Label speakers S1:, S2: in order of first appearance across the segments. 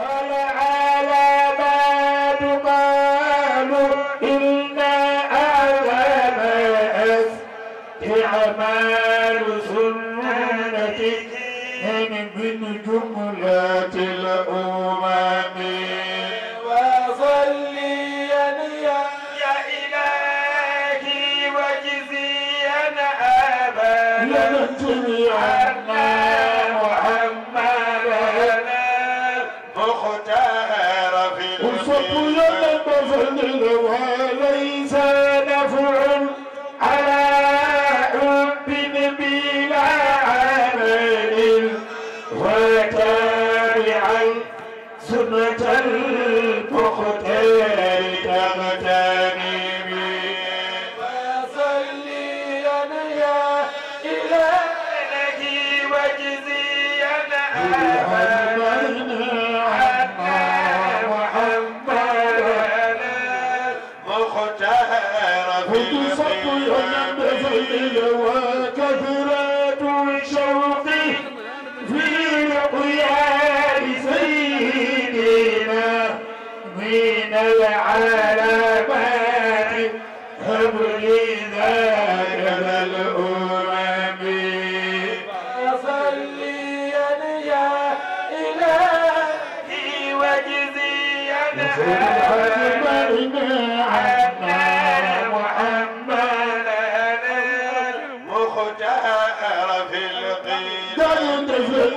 S1: Hallelujah.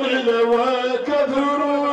S1: العين وكثروا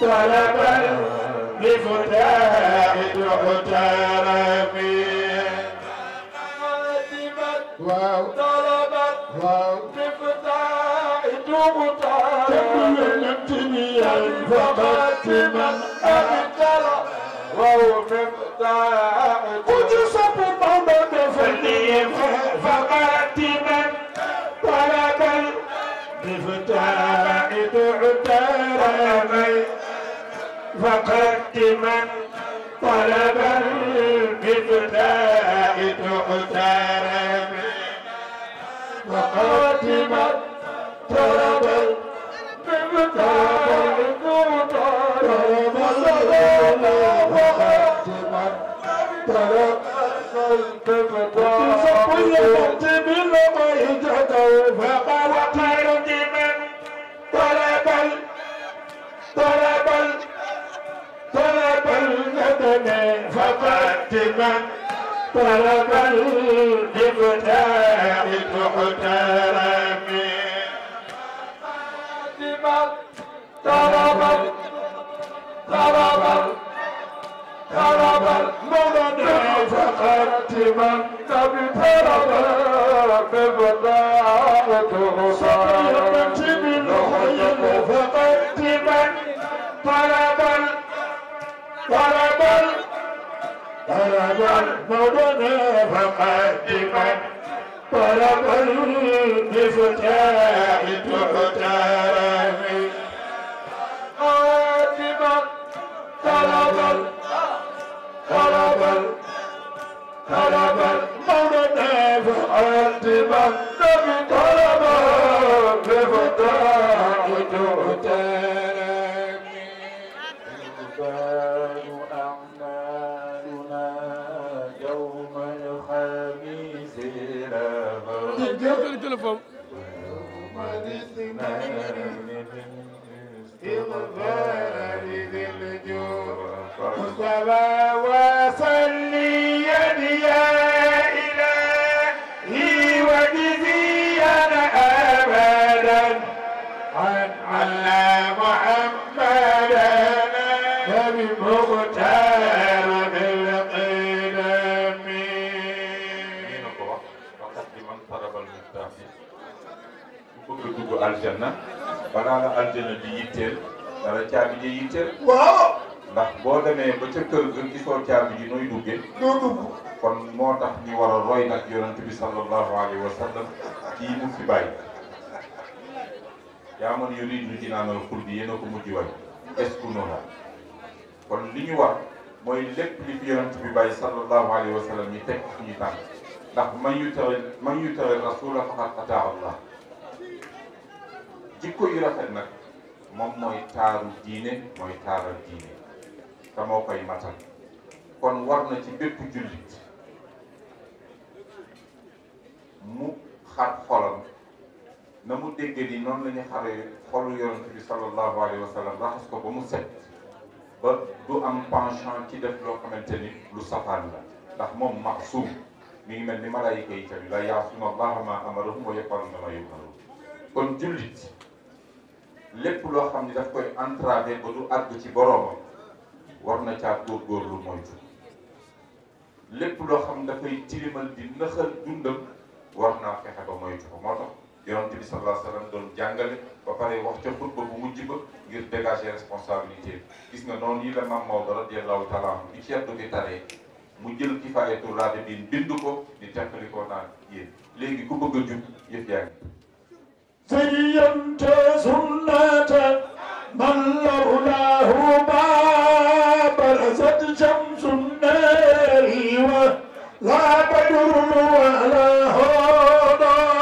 S1: طلبا لفتاة تحترمي واو طلبت واو لفتاة تحترمي تكلمت بيا فقدت من أبتلى واو مفتاح قدس بالضبط فني فقدت من طلب المفتاح تعترمي فقدت من طلب البداء تختار فقدت من طلب البداء فقال طلب من طلب طلب البدن فقدت من طلب الابداع المحترم من طلب طلب طلب المولد فقدت من طلب الابداع
S2: caabi ji yitte. waaw. ndax boo demee ba ca kër ga gisoo caabi ji nooy duggee. kon moo tax ñu war a roy nag yonent bi sallallahu alayhi wa sallam kii mu fi bàyyi. yaa man yuridu jinaanal xuldi yéen a ko mujj way eskunoha kon li ñu wax mooy lépp li fi yonent bi bàyyi sallallahu alayhi wa sallam ñu teg suñu tànk ndax man yu tere man yu tere rasula faqad ataa allah jikko yu rafet nag. moom mooy taaru diine mooy taaral diine te moo koy matal kon war na ci bépp jullit mu xar xolam na mu dégg ni noonu la ñu xaree xolu yonent bi sallallahu alayhi wa raxas ko ba mu set ba du am penchant ci def loo xamante ni lu safaan la ndax moom maxsuum mi ngi mel ni malaayika yi tamit la yaasuuna allaha ma amarahum wa yafaluna ma yumarun kon jullit lépp loo xam ni daf koy entravé ba du àgg ci boroomam war na caa góorgóorlu moytu lépp loo xam ne dafay tilimal di nëxal dundam war naa fexe ba moytu ko moo tax yonent bi sallallahu doon jàngale ba pare wax ca xutba bu mujj ba ngir dégager responsabilité gis nga noonu yi la Maam Maodo radiyallahu taala anhu bi ci yàddu bi taree mu jël kifaayatul raade biin bind ko di teqali ko naan léegi ku bëgg a jub yëf yaa ngi
S1: سيمت سنة من لولاه ما برزت شمس النار ولا بدر ولا هدى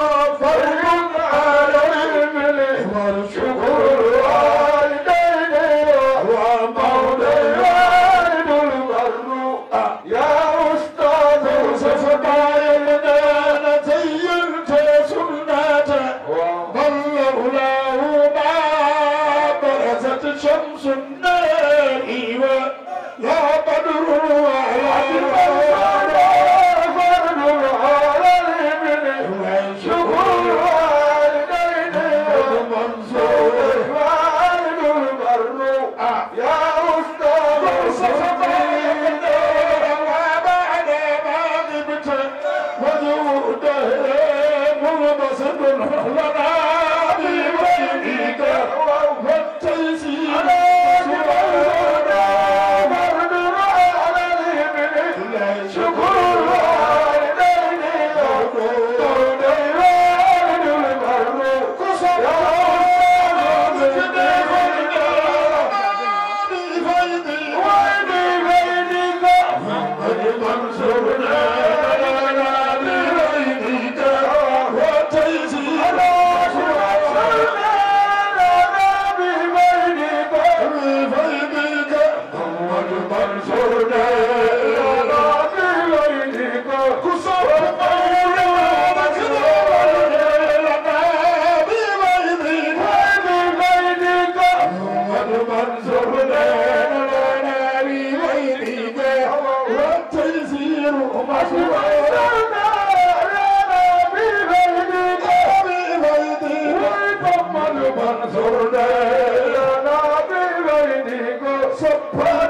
S1: sou pai.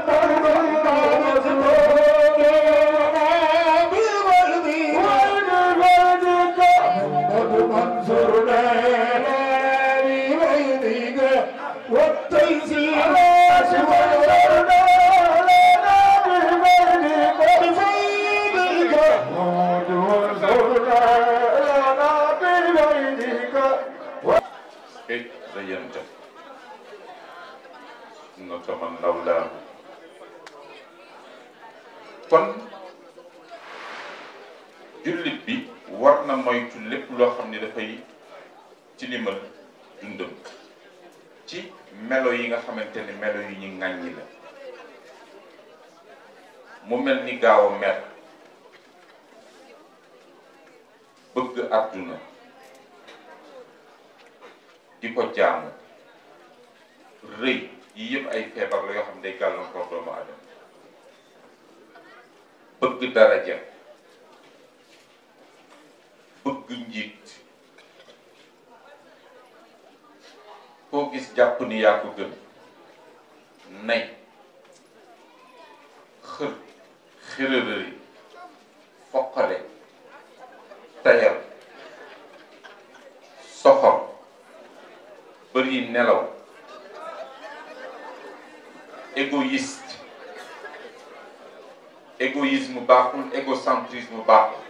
S2: baaxul égocentrisme baaxul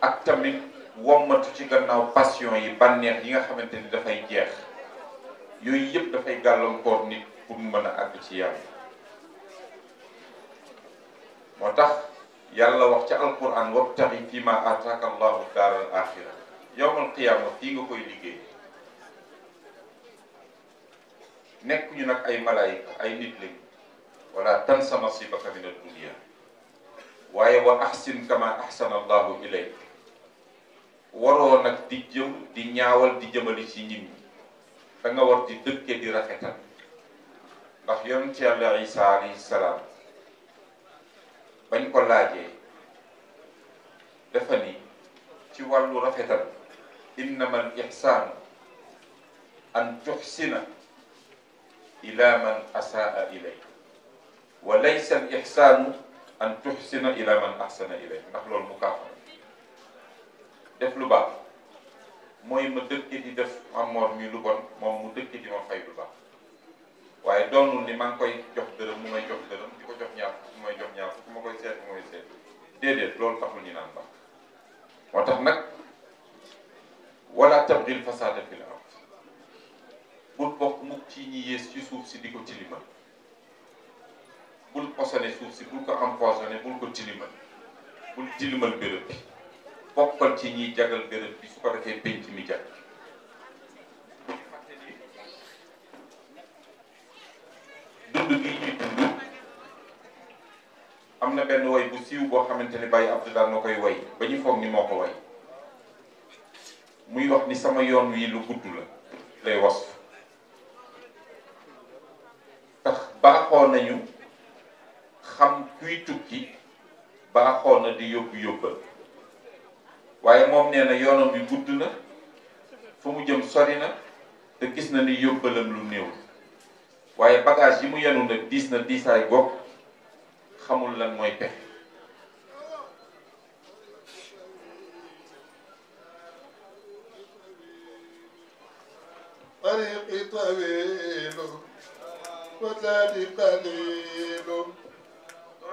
S2: ak tamit wommatu ci gannaaw passion yi bànneex yi nga xamante ni dafay jeex yooyu yëpp dafay gàllankoor nit pour mën a àgg ci yàlla moo tax yàlla wax ca alquran wabtaxi fii ma ataaka allahu daaral axira yowmal qiyaama fii nga koy liggéey nekkuñu nag ay malaayika ay nit lañu wala tansa nasibaka min ad-dunya waaye wa ahsin kama ahsana allahu ilayk waroo nak di jëm di ñaawal di jëmeeli ci nit da nga war di dëkke di rafetal ndax ci yàlla isa alayhi salaam bañ ko laajee dafa ni ci wàllu rafetal innama al an tuhsina ila man asaa ilayk wa laysa al ihsaanu an tuhsina ila ahsana ilay ndax loolu mu kaafa def lu baax mooy ma dëkk di def amoor mi lu bon moom mu dëkk di ma fay lu baax waaye doonul ni maa ngi koy jox dërëm mu may jox dërëm di ko jox ñaar mu may jox ma koy seet mu seet déedéet loolu taxul ñu naan baax moo tax nag wala tabgil fasada fil ard bul bokk mukk ci ñi yées ci suuf si di ko tilimal bul posone suuf si bul ko am empoisonné bul ko tilimal bul tilimal béréb bi bokkal ci ñiy jagal béréb bi su ko defee penc mi jag dund gi ñuy dund am na benn woy bu siiw boo xamante ni Baye Abdou daal na koy woy ba ñu foog ni moo ko woy muy wax ni sama yoon wii lu gudd la lay was tax baaxoo nañu kuy tukki baaxoon na di yóbbu yóbbal waaye moom nee na yoonam bi gudd na fu mu jëm sori na te gis na ni yóbbalam lu néew waaye bagage yi mu yenu nag diis na diisaay bopp xamul lan mooy pexe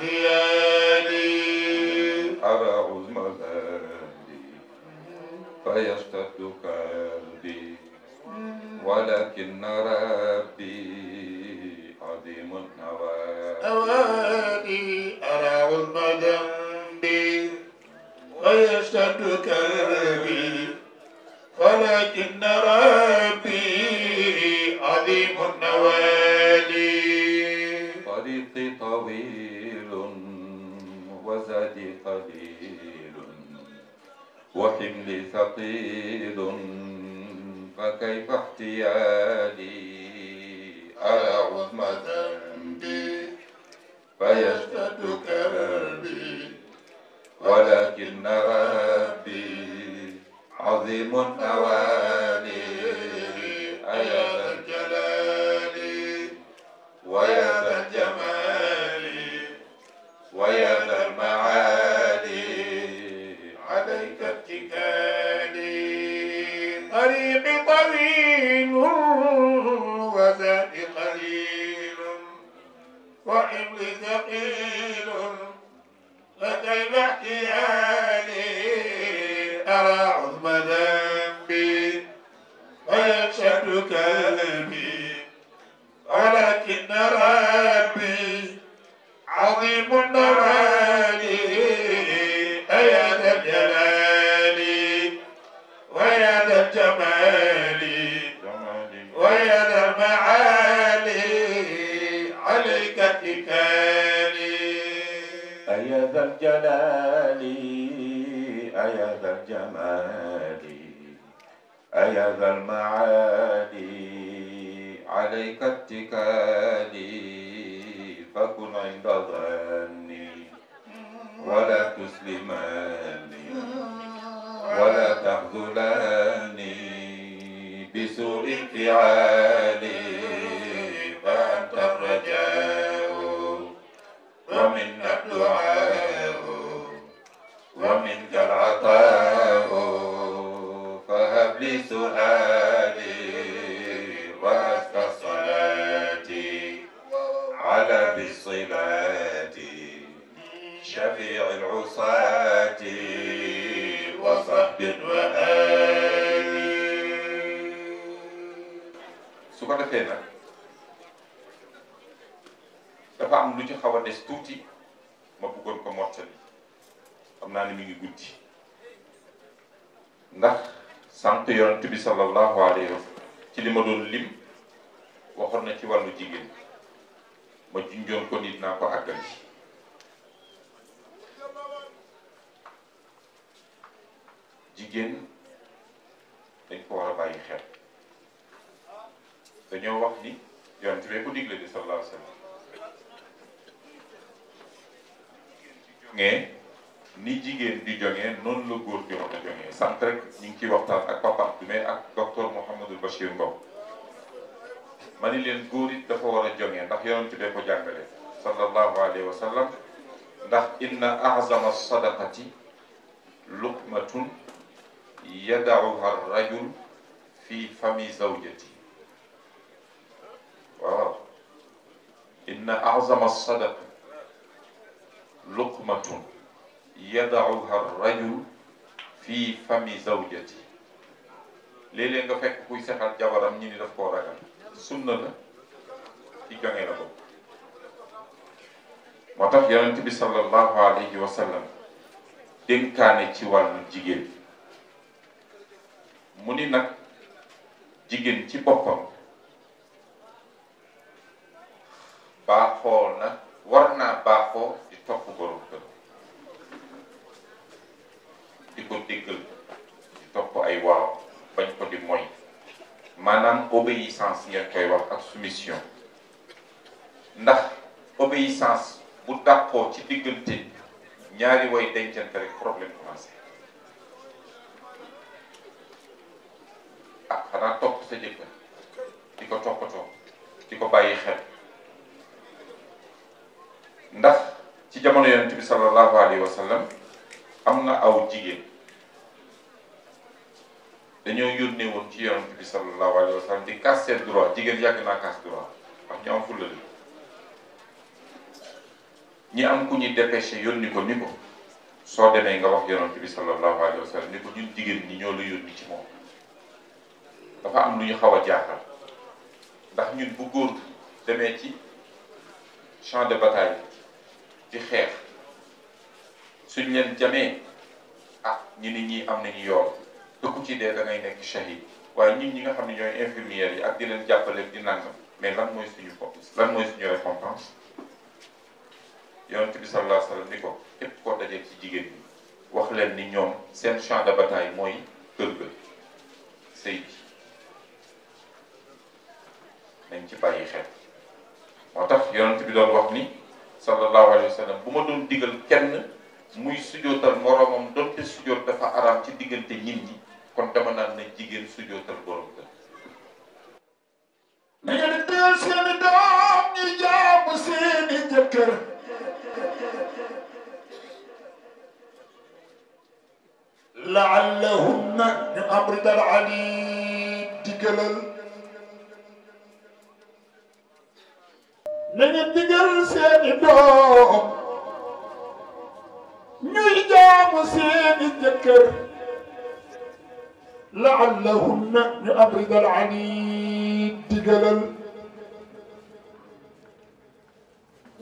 S1: ديالي
S2: أرى ملالي فيشتد قلبي ولكن ربي عظيم
S1: النوالي أرى عظم ذنبي فيشتد قلبي ولكن ربي عظيم النوالي طريقي
S2: طويل وزادي قليل وحملي ثقيل فكيف احتيالي على عظم ذنبي فيشتد
S1: كربي
S2: ولكن
S1: ربي عظيم نوالي ايها المحكيان أرى عظم ذنبي ويشهد كلامي جلالي
S2: أيا ذا الجمال أيا ذا المعالي عليك اتكالي فكن عند ظني ولا تسلماني ولا تخذلاني بسوء انفعالي فأنت الرجاء ومنا الدعاء su ko defee nag dafa am lu ci xaw a tuuti ma bëggoon ko mottali xam naa ne mi ngi guddi ndax sant yonent bi sallallahu alayhi ci li ma doon lim waxoon na ci wàllu jigéen ma junjoon ko nit naa ko àggali jigéen dañ ko war a bàyyi xel dañoo wax ni yonent bee ko digle di sallallahu alayhi wa ni jigéen di jongee noonu la góor di war a jongee sant rek ñu ngi ciy waxtaan ak papa du mais ak docteur Mouhamadul Bachir Ngom ma ni leen góor it dafa war a jongee ndax yonent bee ko jàngale sallallahu alayhi wa sallam ndax inna azama sadaqati luqmatun yadauha rajul fi fami zawjati waaw inna azama sadaq luqmatun yadauha rajul fi fami zawjati léeg-léeg nga fekk kuy sexaat jabaram ñi ni daf koo ragal sunna la ci joŋe la bokk moo tax yonent bi sallallahu alayhi wa sallam dénkaane ci wàllu jigéen mu ni nag jigéen ci boppam baaxoo na war naa baaxoo di topp borom kër di ko déggal di topp ay waaw bañ ko di moy maanaam obéissance ngeen koy wax ak soumission ndax obéissance bu dàqoo ci diggante ñaari way dencante rek problème commencé ak xanaa topp sa jëkkër di ko toppatoo di ko bàyyi xel ndax ci jamono yonent bi sallallahu alayhi wa am na aw jigéen dañoo yónnee woon ci yonent bi sallallahu alayhi wa sallam di casse seen droit jigéen yàgg naa casse droit wax ñu am fulla li ñi am ku ñuy dépêché yónni ko ni ko soo demee nga wax yonent bi sallallahu alayhi wa sallam ni ko ñun jigéen ñi ñoo la yónni ci moom dafa am lu ñu xaw a jaaxal ndax ñun bu góor demee ci champ de bataille di xeex suñ leen jamee ah ñu nit ñi am nañu yoon te ci dee da ngay nekk shahid waaye ñun ñi nga xam ne ñooy infirmières yi ak di leen jàppale di nangam mais lan mooy suñu lan mooy suñu récompense yonent bi sallallahu alayhi wa sallam ni ko képp koo dajee ci jigéen ñi wax leen ni ñoom seen champ de bataille mooy kër ga sëy bi nañ ci bàyyi xel moo tax yonent bi doon wax ni sallallahu alayhi wa sallam bu ma doon digal kenn muy sujootal moroomam donte sujoot dafa araam ci diggante nit ñi kon dama naan na jigéen sujootal borom kër
S1: nañu teel seeni doom ñu jaamu seeni jëkkër laallahum na ñu am ridal ali digalal lañu digal seeni doom ñuy jaamu seeni jëkkër laallahunna ñu abridal anid digalal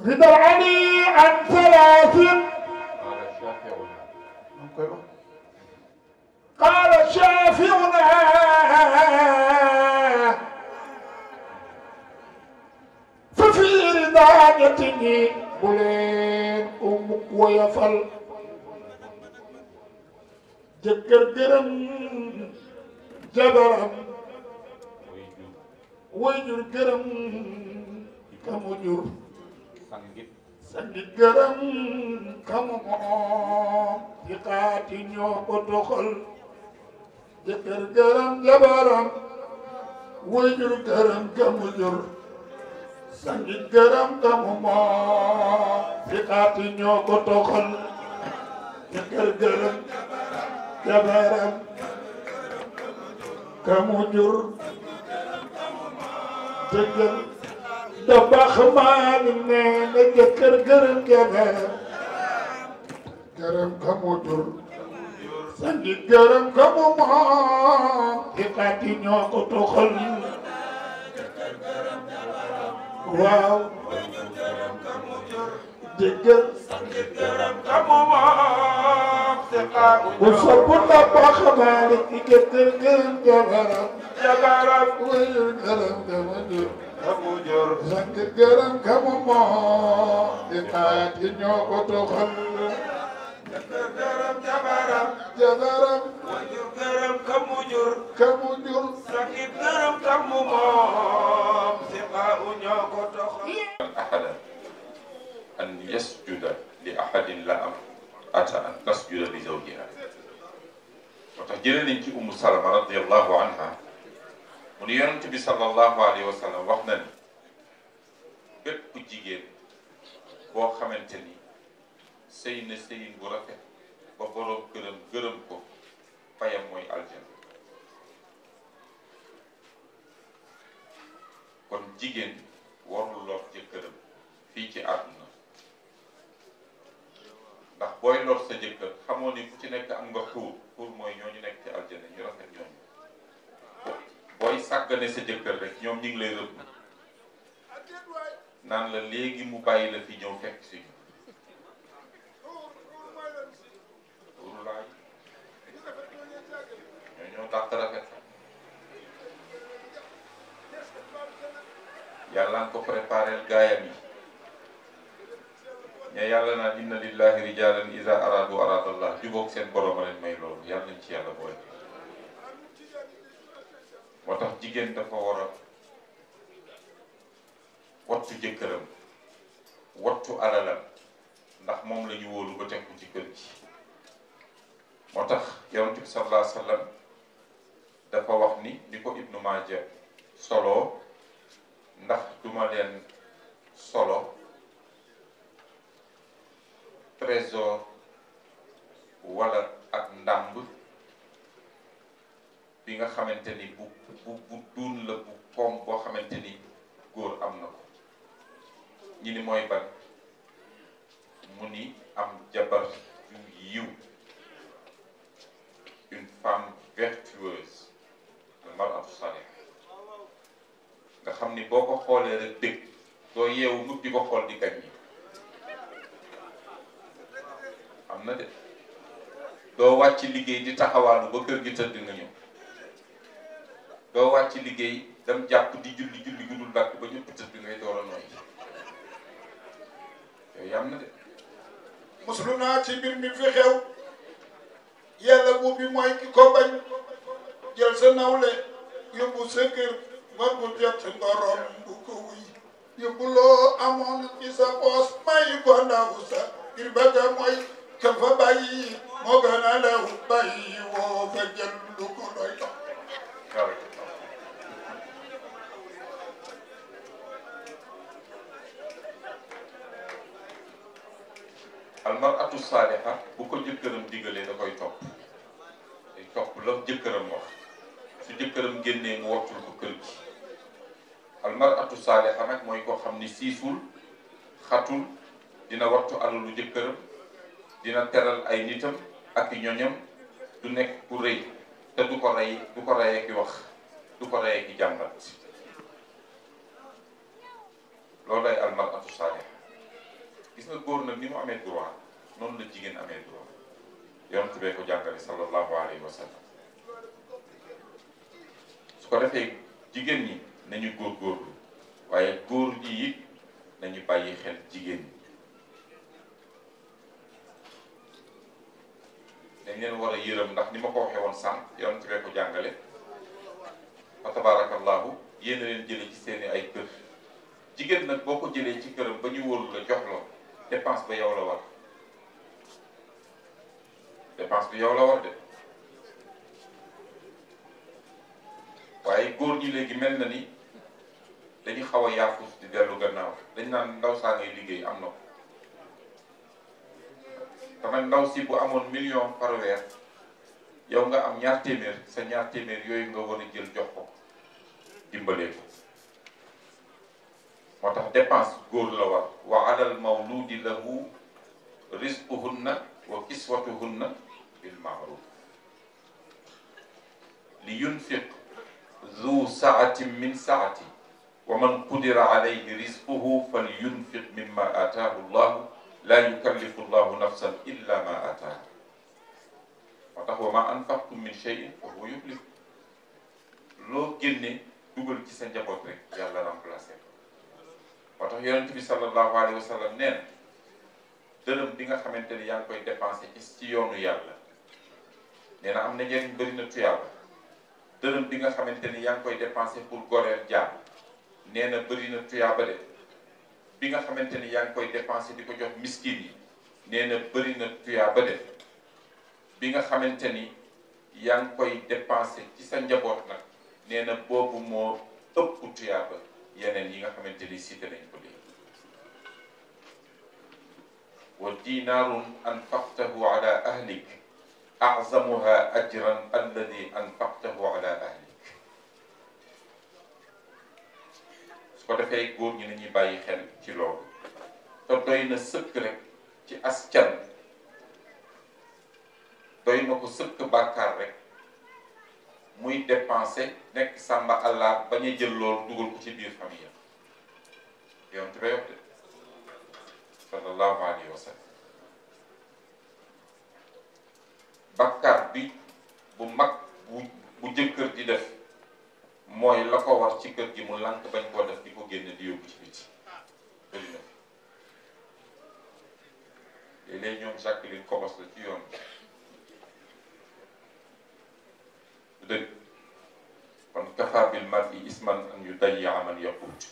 S1: ridal ani an talaatin قال شافعنا daraajati ñi bu leen umuk woyofal jëkkër gërëm jabaram wayjur gërëm kamu jur sangit sangit gërëm kamu moom ci xaati ñoo ko doxal jëkkër gërëm jabaram wayjur gërëm kamu jur sangi gërëm kamu moo fi xaati ñoo ko toxal jëkkër gërëm jabaram kamu jur jëkkër da baax maa ni nee na jëkkër gërëm jabaram gërëm kamu jur sangi gërëm kamu moo fi xaati ñoo ko toxal waaw jëkkër bu sobu na baax maalik i jëkkër gërëm jabaram jabaram wëyul gërëm dama jur kamu jur sant gërëm kamu moo di naat ñoo ko toxal jëkkëram jabaram jabaram mu jur këram ka mu jur ka mu jur sakib këram ka mu moom si xaa u ñoo ko tox ahada
S2: an yasjuda li ahadin la am ata an tasjuda li zawjiha moo tax jëlee nañ ci umu salama radiallahu anha mu ne yonent bi sallallahu alayhi wa sallam wax na ni bépp jigéen boo xamante ni sëy na sëyin bu rafet ba boroom këram gërëm ko fayam mooy aljana kon jigéen warul lor jëkkëram fii ci àdduna ndax booy lor sa jëkkër xamoo ni ku ci nekk am nga xuur xuur mooy ñu nekk ci aljana ñu rafet ñooñu booy sàggane sa jëkkër rek ñoom ñu ngi lay rëbb naan la léegi mu bàyyi la fi ñëw fekk si ñu Abdoulaye ñoo ñoo tax rafet yàlla nga ko préparé gaayam yi ña yàlla naa inna lillahi rijalan iza aradu aradallah jubóog seen borom a leen may loolu yàlla nañ ci yàlla booy moo tax jigéen dafa war a wattu jëkkëram wattu alalam ndax moom lañu ñu wóolu ba teg ko ci kër gi motax tax bi sallallahu alayhi wasallam dafa wax ni ibnu majah solo ndax duma len solo trésor wala ak ndamb bi nga xamanteni bu bu bu duun la bu kom bo xamanteni ni amna am ko ñi ni moy ban mu ni am jabar yu yiw une femme vertueuse al maratu saliha nga xam ni boo ko xoolee rek dëgg soo yeewu mut di ko xool di kañ yi am na de doo wàcc liggéey di taxawaalu ba kër gi tëdd nga ñëw doo wàcc liggéey dam jàpp di julli julli gi dul ba ñëpp tëdd ngay door a nooy
S1: yooyu am na de muslu naa ci mbir fi xew yàlla buur bi mooy ki ko bañ jël sa nawle yóbbu sa kër war bu jot ngorom bu ko wuy yóbbu loo amoon ci sa poos may ko ndaw sa ngir bëgga mooy ka fa bàyyi moo gën a lew bàyyi woo fa jël lu ko doy dox
S2: almaratu saaliha bu ko jëkkëram digalee da koy topp day topp la jëkkëram wax su jëkkëram génnee mu wattul ko kër gi almaratu saaliha nag mooy koo xam ni siisul xatul dina wattu alalu jëkkëram dina teral ay nitam ak ñoñam du nekk ku rëy te du ko rey du ko reyee ki wax du ko reyee ki jàmbat loolu day almaratu saaliha gis nga góor nag ni mu amee droit noonu la jigéen amee droit yonent bee ko jàngale sallallahu alayhi wa sallam su ko defee jigéen ñi nañu góor góorgóorlu waaye góor ñi nañu bàyyi xel jigéen ñi dañ leen war a yërëm ndax ni ma ko waxee woon sànq yonent bee ko jàngale fa tabarakallahu yéen a leen jëlee ci seeni ay kër jigéen nag boo ko jëlee ci këram ba ñu wóolu la jox dépense ba yow la war dépense bi yow la war de waaye góor ñi léegi mel na ni dañu xaw a yaafus di dellu gannaaw dañ naan ndaw saa ngay liggéey am na ko te nag ndaw si bu amoon million par weer yow nga am ñaar téeméer sa ñaar téeméer yooyu nga war a jël jox ko dimbalee motax dépense gor la war wa alal mawlud lahu rizquhunna wa ذو سعة من سعته ومن قدر عليه رزقه فلينفق مما آتاه الله لا يكلف الله نفسا إلا ما آتاه وتهو ما أنفقتم من شيء فهو يبلغ لو جنة تقول كيسان جابوت ريك يالا رمبلاسي moo tax yonent bi sallallahu alayhi wa sallam nee dërëm bi nga xamante ni yaa ngi koy dépensé ci yoonu yàlla neena am na njëriñ bëri na tuyaaba dërëm bi nga xamante ni yaa ngi koy dépensé pour goreel jaam nee na bëri na tuyaaba de nga xamante ni yaa ngi koy dépensé di ko jox miskin yi nee na bëri na tuyaaba de bi nga xamante ni yaa ngi koy dépensé ci sa njaboot nag nee na boobu moo ëpp tuyaaba yeneen yi nga xamante ni cité nañ ko léegi wa dinaarun anfaqtahu ala ahlik azamuha ajran alladi anfaqtahu ala ahlik su ko defee góor ñi nañuy bàyyi xel ci loolu te doy na sëkk rek ci askan doy na ko sëkk bàkkaar rek muy dépensé nekk sàmba allah bañ a jël loolu dugal ko ci biir famille am yonent ba yokk de sallallahu alayhi wa sallam bi bu mag bu bu jëkkër di def mooy la ko war ci kër gi mu lànk bañ koo def di ko génne di yóbbu ci biti bëri na fi léeg-léeg ñoom Jacqueline kobos la ci yoon bi
S3: dëgg kon kafa bil mar'i isman an yudayya man yaqut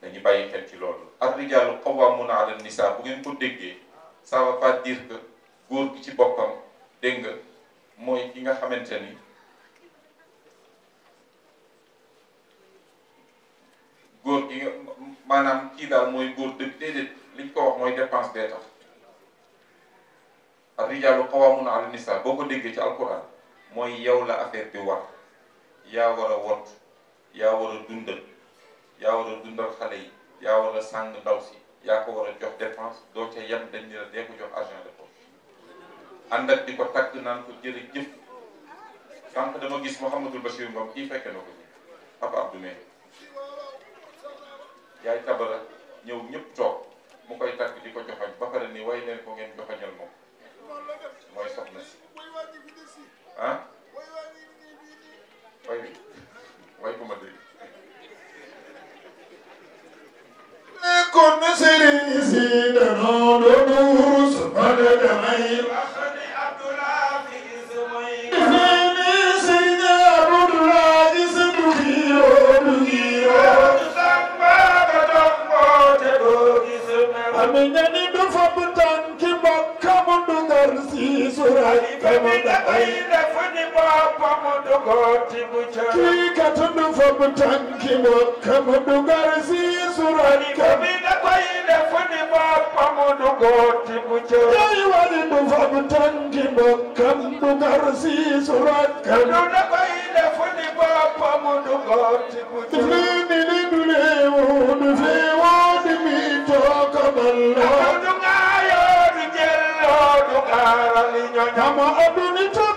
S3: dañu bàyyi xel ci loolu ar rijaalu
S2: qawwaamuuna ala nisa bu ngeen ko déggee ça va pas dire que góor gi ci boppam dégg nga mooy ki nga xamante ni góor gi nga maanaam kii daal mooy góor dëgg déedéet liñ ko wax mooy dépense bee tax ar rijaalu qawwaamuuna ala nisaa boo ko déggee ci alquran mooy yow la affaire bi war yaa war a wot yaa war a dundal yaa war a dundal xale yi yaa war a sàng ndaw si
S3: yaa ko war a jox dépense doo ca yem dañ ne la dee ko jox argent de di
S2: ko tàgg naan ko jërëjëf tant gis Mouhamadul Bachir Ngom yaay tabara ñëw ñëpp toog mu koy tàgg di ko joxoñ ba pare ni way leen ko ngeen joxoñal moom
S3: mooy soxna si ah way bi way bu ma dégg nekkoon na
S1: sëriñ si danoo doon sama damay Ay kii ka tundu fob tànki boppam dugal si surali ka. bi nga koy def ni boppam dugal ci bu ca. kii wali du fob tànki boppam dugal si surali ka. du nga koy def ni boppam dugal ci bu ca. fii ni ni du leewu du feewoo di mi toog balloo. du nga yoo du jëlloo du gaarali ñoño. ama aduni to.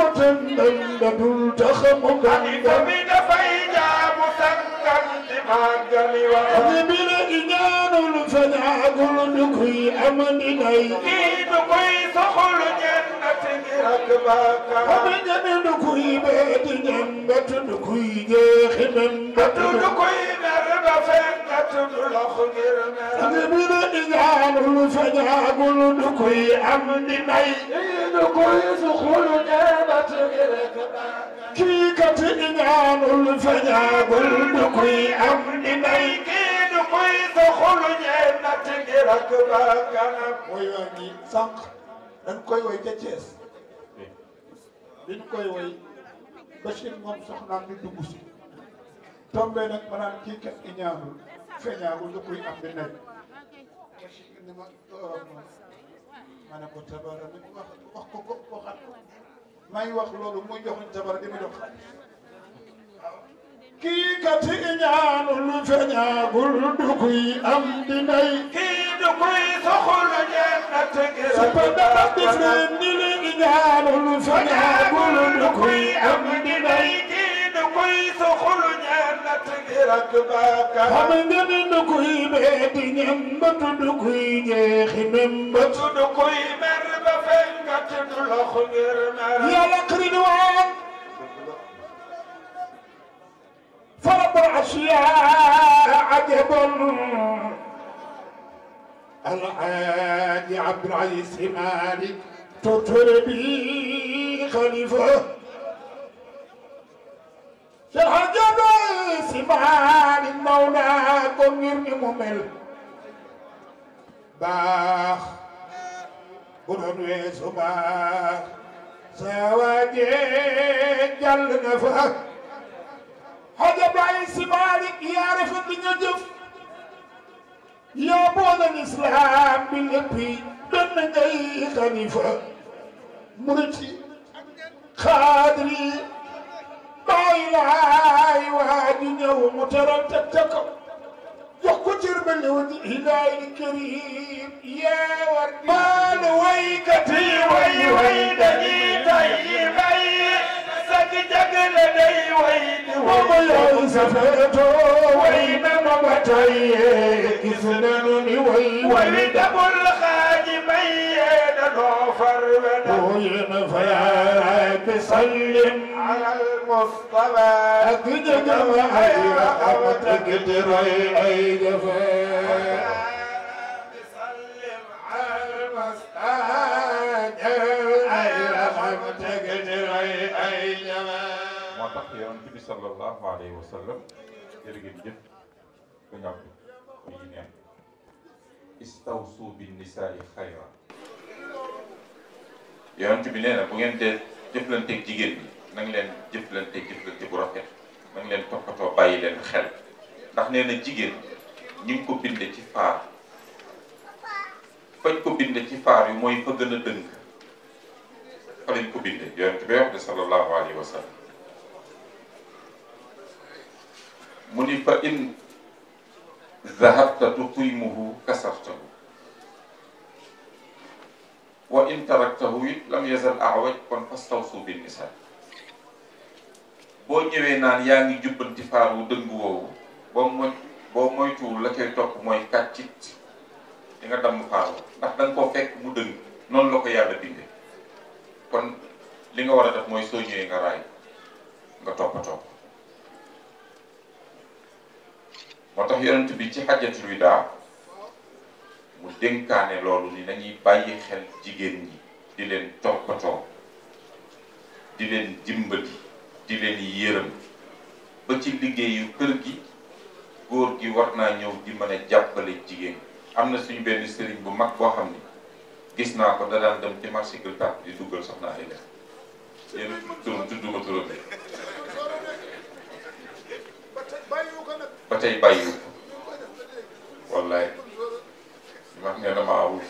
S1: ma tëndal nga dul tax a mu gàncax bi dafay jaamu sànqal ci màggali wa. xale bi la di ñaanal fañaagul ñu koy amandi day. kii du koy soxol ñenn. kamede men ɗo kuyɓe ɗiɗen ɓatuɗo kuyje himen ɓatuɗo kuymerɓa fen ɓatuɗo lokodirmeɗeɓiɗo ɗiganul fajagol ɗo kuy amɗi nayi ɗo kuy sukulu neɓatugirekɓa kiikati ɗiganul fajagol ɗo kuy amɗi nayi kiɗo kuy sukulu ñeɓatugirekɓa kana koywani sank ɗan koy woy ca cees dañ koy woy Bachir moom soxnaam ni dugg si tombé nag ma naan kii kat lu koy am di oh, ko tabara ni wax wax ko ko ko may wax loolu muy joxuñ tabara di ma kii kati ñaanu lu feñaagul du kuy am di nay kii du kuy soxul ñeen na tege sa pandara di feen ni li ñaanu lu feñaagul du kuy am di nay kii du kuy soxul ñeen na tege rak baaka xam ngeen du kuy beeti ñem mbatu du kuy jeexi mem mbatu du kuy mer ba fen kat du loxo ngir mer yàlla xirin waan فرض أشياء عجب العادي عبد العزيز مالك تطربي خليفة الحجب سمان المولى كن ممل باخ قرن باخ سواجي جل نفخ Hadj Ibrahim Sy Malick yaa rafet li nga jëf yóbboon ak islam bi lépp yi doon na ngay xalifa murit yi xaadir yi bàyyi laay waa di ñëw mu teral teg teg ko jox ko cër ba léew di ilaay di kërim yaa war maa ne waykat yi way way dañuy tay bay تقل لي ويدي وملهم سفيتو وين مبتي كسنني وي ولد كل خاج بين نوفر وين فياك سلم على المصطفى أكدك وحيرة أبتك تري أي جفاك سلم على المصطفى
S2: sallallahu alayhi wa sallam bi ngeen jëf ba noppi yi neen istawsu bin nisaa xayra yonent bi nee bu ngeen dee jëflanteeg jigéen bi na leen jëflanteeg jëflante bu rafet na leen toppatoo bàyyi leen xel ndax nee na jigéen ñi ko binde ci faar fañ ko binde ci faar yu mooy fa gën a dëng fa lañ ko binde yonent bi wax de sallallahu alayhi wa mu ni fa in zahabta tuqimuhu kasartahu wa in taraktahu it lam yazal aawaj kon fastawsu bin nisaa boo ñëwee naan yaa ngi jubbanti faar wu dëng woowu boo moy boo la koy topp mooy kàccit di nga damm faar ndax da koo fekk mu dëng noonu la ko yàlla bindee kon li nga war a def mooy soo ñëwee nga raay nga toppatoo moo tax yonent bi ci xajatul widaa mu dénkaane loolu ni nañuy bàyyi xel jigéen ñi di leen toppatoo di leen dimbali di leen yërëm ba ci liggéeyu kër gi góor gi war naa ñëw di mën jàppale jigéen am na suñu benn sëriñ bu mag boo xam ne gis naa ko da daan dem ci marché Gueule Tapée di duggal soxna ay leer ba tey bàyyiwu wallaay li ma ne damaa wul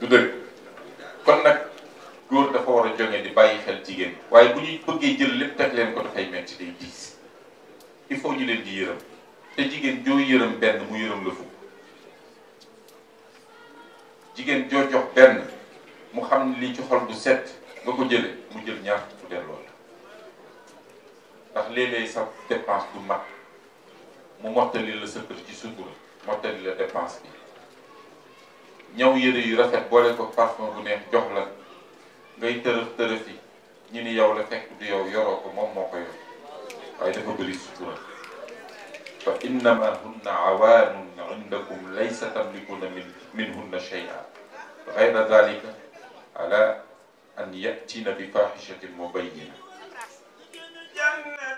S2: du dëgg kon nag góor dafa war a jonge di bàyyi xel jigéen waaye bu ñuy bëggee jël lépp teg leen ko dafay metti day diis il faut ñu leen di yërëm te jigéen joo yërëm benn mu yërëm la jigéen joo jox benn mu xam li lii ci set nga ko jële mu jël ñaar fu delloo ndax léeg-léeg sa dépense du mat mu mottali la sa kër ci sutura mottali la dépense bi ñaw yére yu rafet boole ko parfum bu neex jox la ngay tërëf tërëfi ñu ni yow la fekk du yow yoroo ko moom moo ko yor waaye dafa bëri sutura fa innama hunna awaanun indakum laysa tamlikuna min minhunna shay'an غير ذلك على أن يأتين بفاحشة مبينة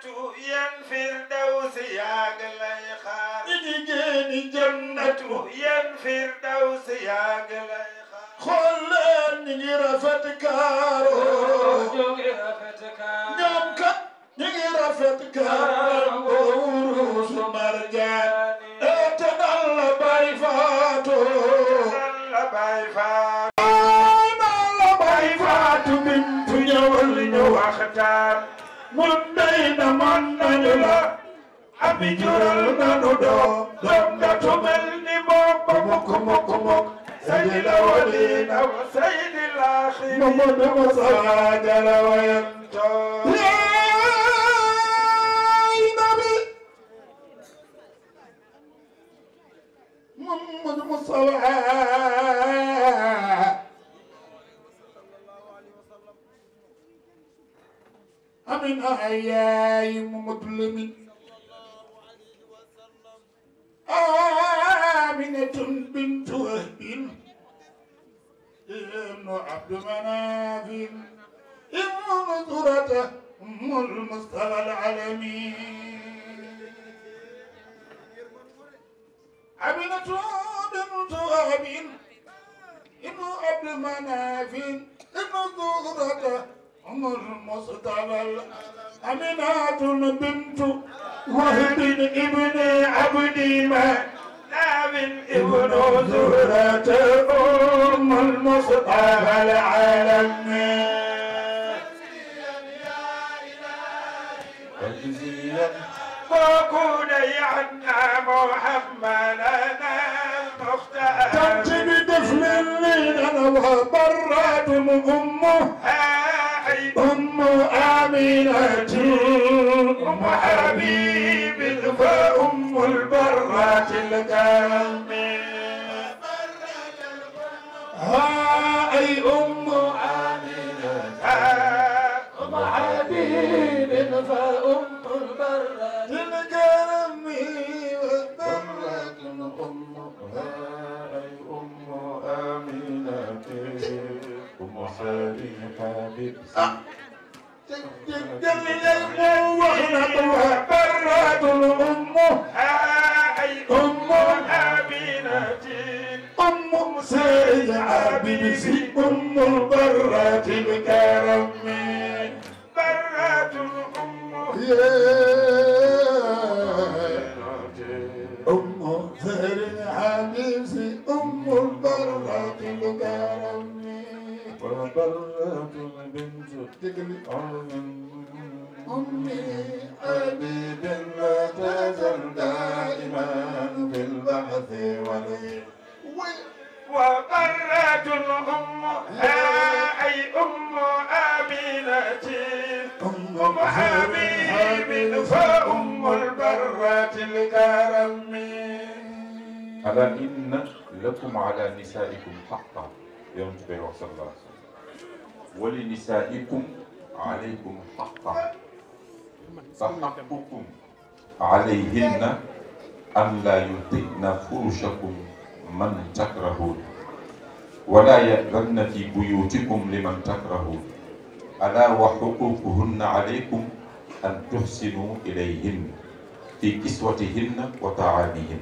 S1: jannatu yan firdawsi yaa ngi lay xaar. jigéen ñi jannatu yan firdawsi yaa ngi lay xaar. xool leen ñi ngi rafet kaaro. ñoo ngi rafet kaaro. ñoom kat ñi ngi rafet kaaro. wurus marjaan. te dal la bay faatu. dal la bay faatu. dal la bay faatu bintu ñëwal ñu waxtaan. mundayna mannañula abi jural nanu ɗo gomna tumelni mokko mokko mokko mokko sayidila walina wa sayidil akhiri mamadou moustapha jala wayanto nabi mamadou moustapha أمن أحياء مظلم آمنة بنت وهب ابن عبد مناف ابن زرة أم المصطفى العالمين أمنة بنت وهب ابن عبد مناف ابن زرة مصطفى أمينات بنت وهب ابن عبدي ما ناب ابن زهرة أم المصطفى العالمين وكون عنا محمدنا المختار تنجب دفن لنا وبرات أمه أم آمنة أم حبيب فأم البرة الكامل ها أي أم ah. سيد عبد زي أم البرات الكرم برات الأم
S2: لكم على نسائكم حقا يوم تبيع صلى الله عليه وسلم ولنسائكم عليكم حقا فحقكم عليهن أن لا يطئن فرشكم من تكرهون ولا يأذن في بيوتكم لمن تكرهون ألا وحقوقهن عليكم أن تحسنوا إليهن في كسوتهن وتعاليهن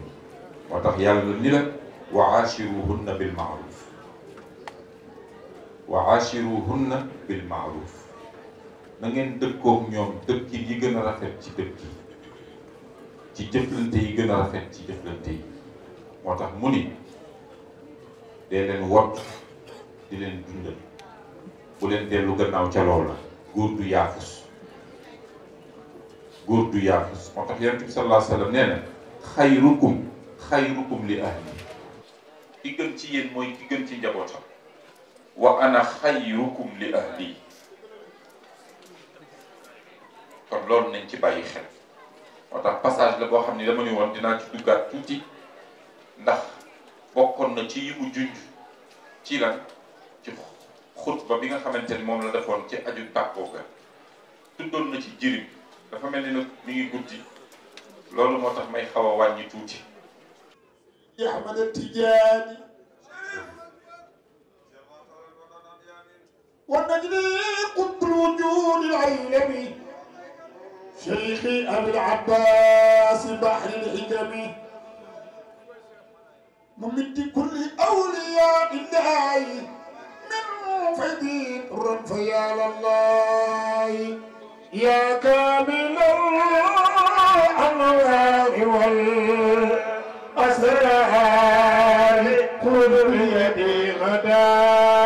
S2: وتخيال لك وعاشروهن بالمعروف وعاشروهن بالمعروف نغن دكوم نيوم دبكي لي غن رافيت سي دبكي سي جفلنتي يي غن رافيت سي جفلنتي موتاخ موني دي لن وات دي لن دوندل بو لن ديلو غناو تيا لولا غور دو يافس غور دو يافس موتاخ يانتي صلى الله عليه وسلم نينا خيركم خيركم لاهلي ki gën ci yéen mooy ki gën ci njabootam wa ana xayrukum li ahli kon loolu nañ ci bàyyi xel moo tax passage la boo xam ne dama ne woon dinaa ci duggaat tuuti ndax bokkoon na ci yi mu ci lan ci xutba bi nga xamante ni moom la defoon ci aju tàkkoo ga tuddoon na ci jirim dafa mel ni nag ngi guddi loolu moo tax may xaw a wàññi tuuti
S1: يا أحمد التجاني والنجدي قد الوجود العلمي شيخي أبي العباس بحر الحكمي ممد كل أولياء الله من فدي الرنف يا الله يا كامل الأنوار والأنوار أسرها قلوب يدي غدا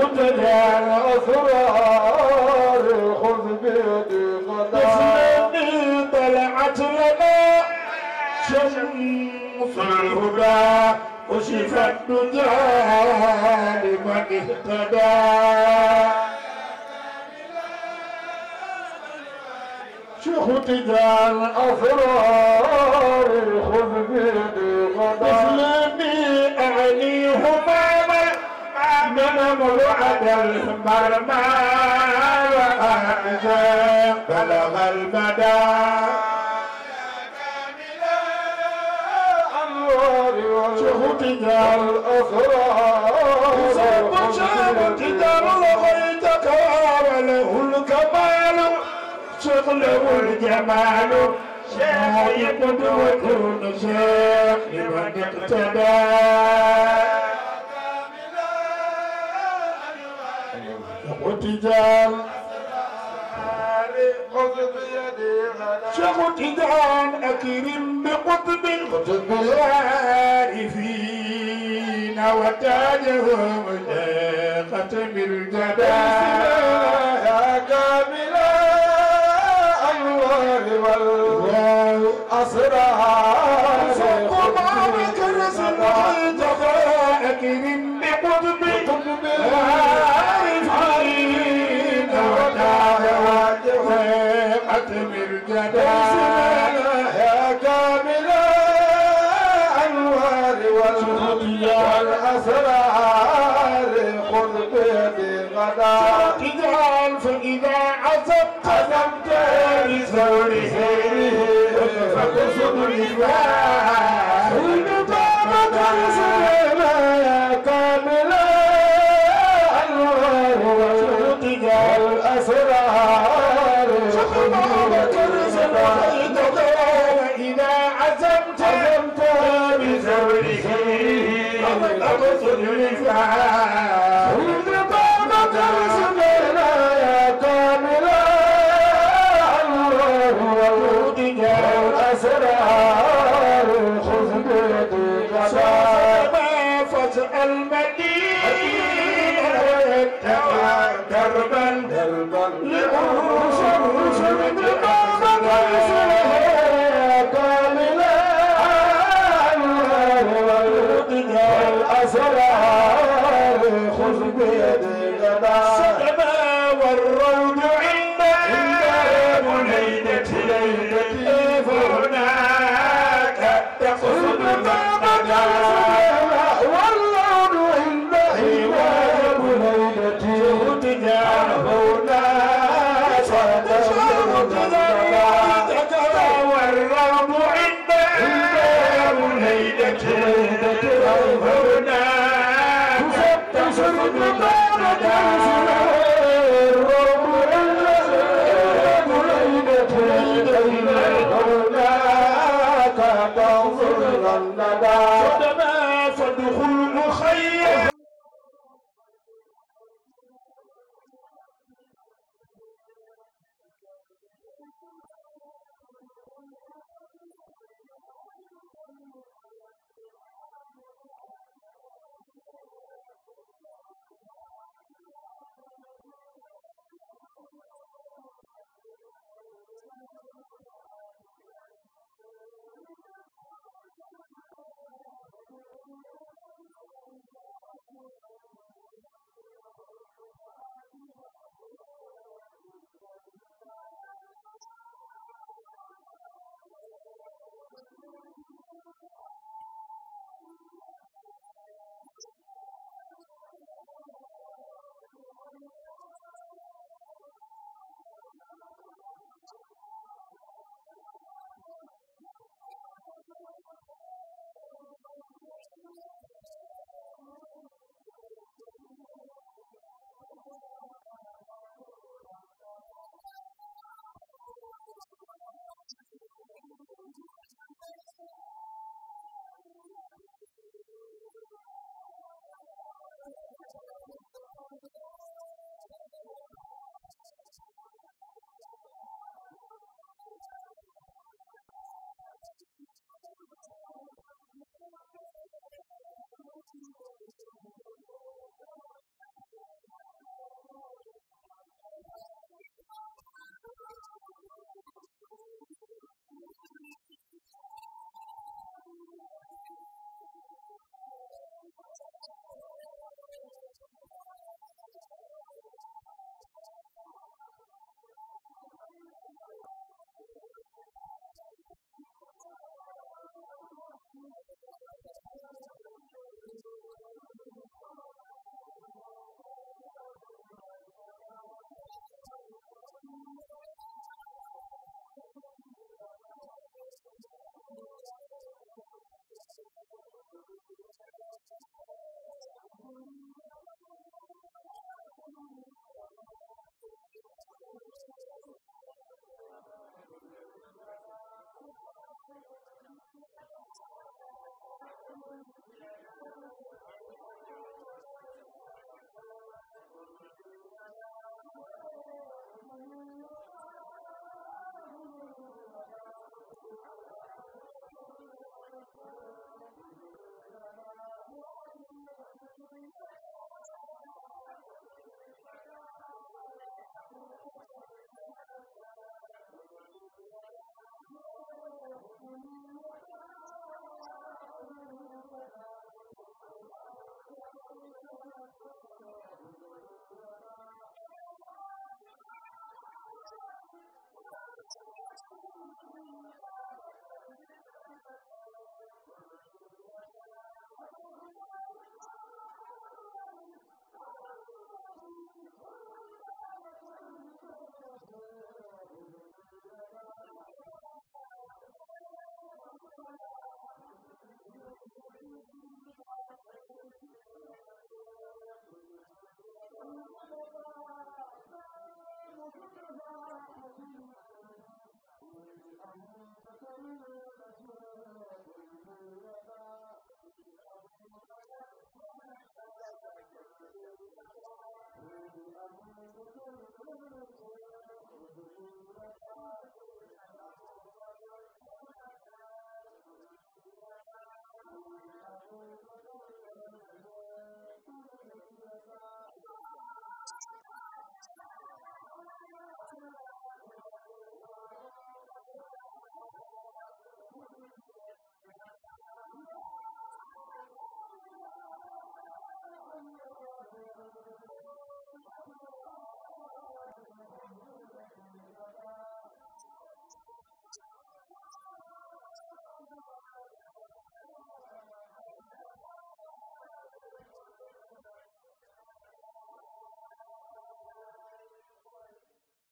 S1: هدنا الأفرار خذ بيدي غدا طلعت لنا شمس الهدى كشفت دجى لمن اهتدى شيخ تجان أسرار خذ بيدي غدا مبعد المرمى وأعزى بلغ المدى شهدت الأخرى شهدت لغيت كرام له الكمال شغله الجمال شيخ يقدوة شيخ لمن اقتدى تجان شيخ تجان أكرم بقطب قطب العارفين وتاجهم ختم الجبال يا كامل الأنوار والأسرار خذ بيدي غدا إذا فإذا عزمت عزمت بثوره فاقصد الإيمان Gott.